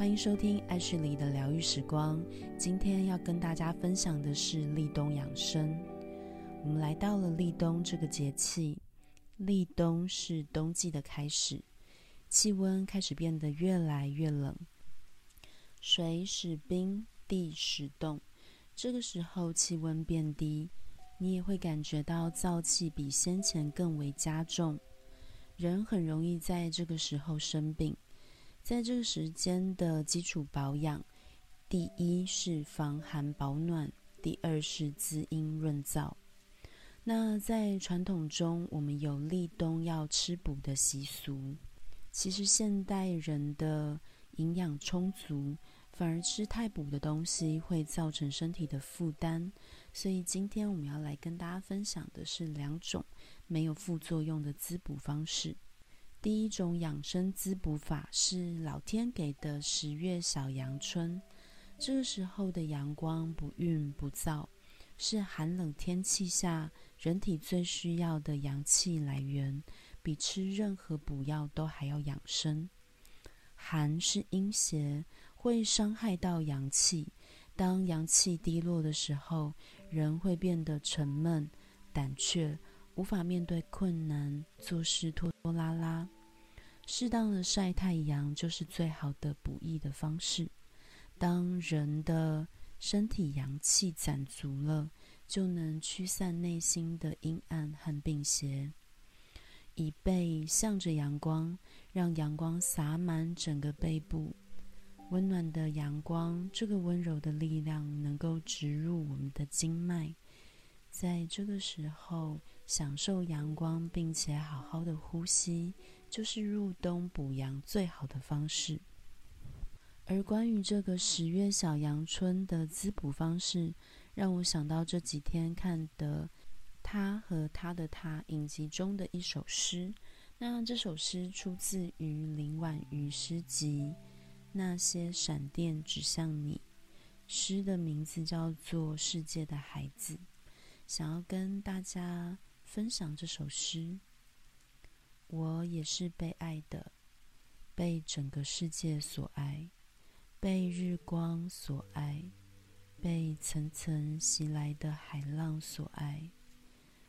歡迎收聽愛旭黎的療癒時光。今天要跟大家分享的是立冬養生。我們來到了立冬這個節氣，立冬是冬季的開始，氣溫開始變得越來越冷，水始冰，地始凍。這個時候氣溫變低，你也會感覺到燥氣比先前更為加重，人很容易在這個時候生病。在這個時間的基礎保養，第一是防寒保暖，第二是滋陰潤燥。那在傳統中，我們有立冬要吃補的習俗。其實現代人的營養充足，反而吃太補的東西會造成身體的負擔。所以今天我們要來跟大家分享的是兩種沒有副作用的滋補方式。第一種養生滋補法是老天給的十月小陽春，這個時候的陽光不孕不燥，是寒冷天氣下人體最需要的陽氣來源，比吃任何補藥都還要養生。寒是陰邪，會傷害到陽氣。當陽氣低落的時候，人會變得沉悶、膽怯。無法面對困難，做事拖拖拉拉，適當的曬太陽就是最好的補益的方式。當人的身體陽氣攢足了，就能驅散內心的陰暗和病邪。以背向着陽光，讓陽光灑滿整個背部。溫暖的陽光，這個溫柔的力量，能夠植入我們的經脈。在這個時候。享受陽光，並且好好的呼吸，就是入冬補陽最好的方式。而關於這個十月小陽春的滋補方式，讓我想到這幾天看的她和她的她影集中的一首詩。那這首詩出自於林婉瑜詩集《那些閃電指向你》，詩的名字叫做《世界的孩子》。想要跟大家。分享這首詩。我也是被愛的，被整個世界所愛，被日光所愛，被層層襲來的海浪所愛，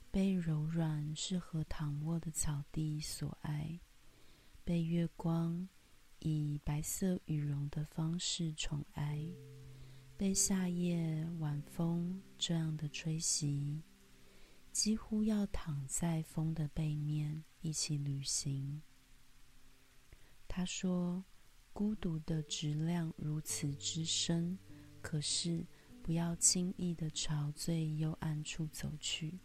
被柔軟適合躺臥的草地所愛，被月光以白色羽絨的方式寵愛，被夏夜晚風這樣的吹襲。幾乎要躺在風的背面一起旅行。他說：“孤獨的質量如此之深，可是不要輕易的朝最幽暗處走去。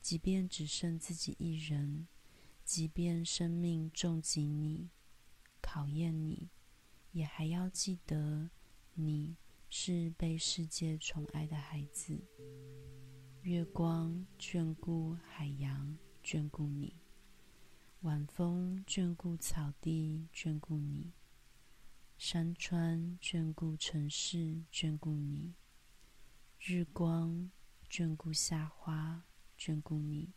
即便只剩自己一人，即便生命重擊你、考驗你，也還要記得你是被世界寵愛的孩子。”月光眷顧海洋，眷顧你；晚風眷顧草地，眷顧你；山川眷顧城市，眷顧你；日光眷顧夏花，眷顧你。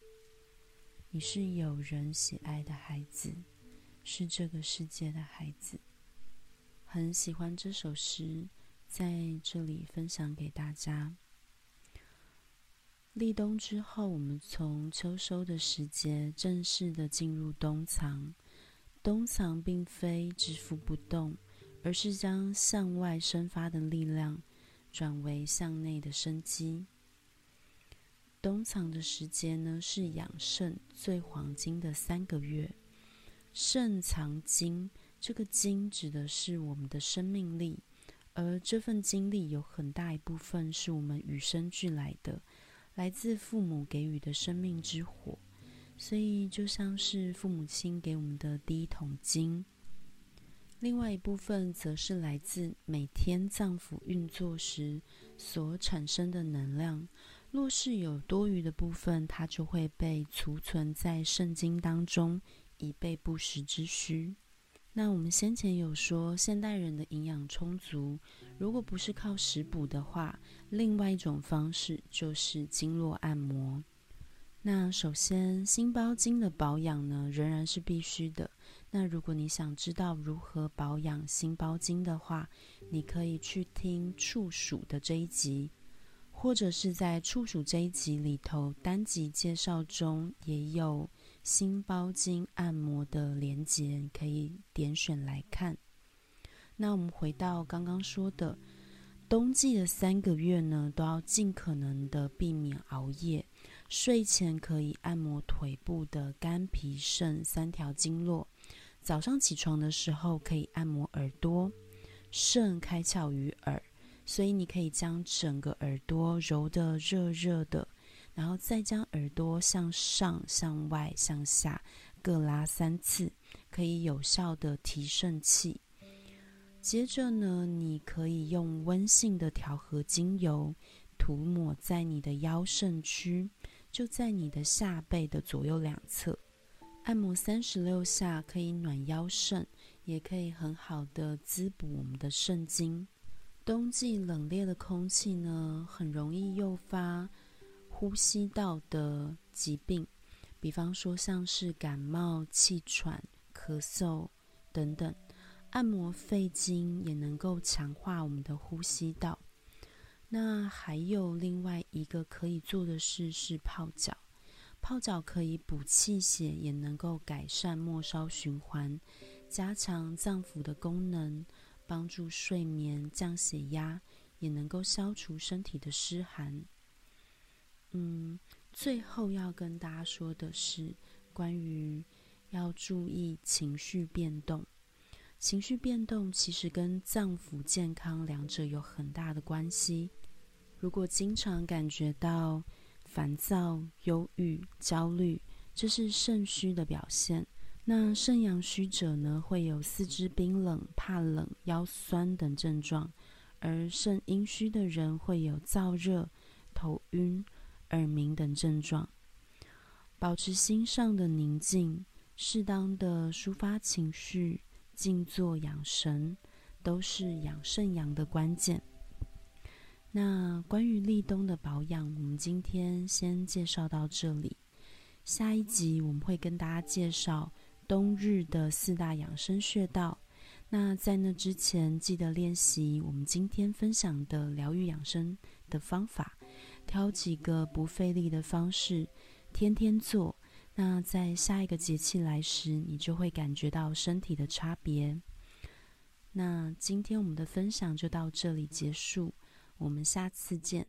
你是有人喜愛的孩子，是這個世界的孩子。很喜歡這首詩，在這裡分享給大家。立冬之後，我們從秋收的時節正式的進入冬藏。冬藏並非蟄伏不動，而是將向外生發的力量轉為向內的生機。冬藏的時間呢，是養腎最黃金的三個月。腎藏精，這個精指的是我們的生命力，而這份精力有很大一部分是我們與生俱來的。來自父母給予的生命之火，所以就像是父母親給我們的第一桶金。另外一部分則是來自每天臟腑運作時所產生的能量。若是有多餘的部分，它就會被儲存在腎精當中，以備不時之需。那我們先前有說，現代人的營養充足，如果不是靠食補的話，另外一種方式就是經絡按摩。那首先心包經的保養呢，仍然是必須的。那如果你想知道如何保養心包經的話，你可以去聽處暑的這一集，或者是在處暑這一集裡頭單集介紹中也有。心包經按摩的連接，可以點選來看。那我們回到剛剛說的，冬季的三個月呢，都要盡可能的避免熬夜。睡前可以按摩腿部的肝脾腎三條經絡，早上起床的時候可以按摩耳朵。腎開竅於耳，所以你可以將整個耳朵揉得熱熱的。然後再將耳朵向上、向外、向下各拉三次，可以有效的提腎氣。接着呢，你可以用溫性的調和精油塗抹在你的腰腎區，就在你的下背的左右兩側，按摩三十六下，可以暖腰腎，也可以很好的滋補我們的腎精。冬季冷冽的空氣呢，很容易誘發。呼吸道的疾病，比方說像是感冒、氣喘、咳嗽等等，按摩肺經也能夠強化我們的呼吸道。那還有另外一個可以做的事是泡腳，泡腳可以補氣血，也能夠改善末梢循環，加強臟腑的功能，幫助睡眠、降血壓，也能夠消除身體的濕寒。嗯，最後要跟大家說的是，關於要注意情緒變動。情緒變動其實跟臟腑健康兩者有很大的關係。如果經常感覺到煩躁、憂鬱、焦慮，這是腎虛的表現。那腎陽虛者呢，會有四肢冰冷、怕冷、腰酸等症狀；而腎陰虛的人會有燥熱、頭暈。耳鳴等症狀，保持心上的寧靜，適當的抒發情緒，靜坐養神，都是養腎陽的關鍵。那關於立冬的保養，我們今天先介紹到這裡。下一集我們會跟大家介紹冬日的四大養生穴道。那在那之前，記得練習我們今天分享的療癒養生的方法。挑幾個不費力的方式，天天做，那在下一個節氣來時，你就會感覺到身體的差別。那今天我們的分享就到這裡結束，我們下次見。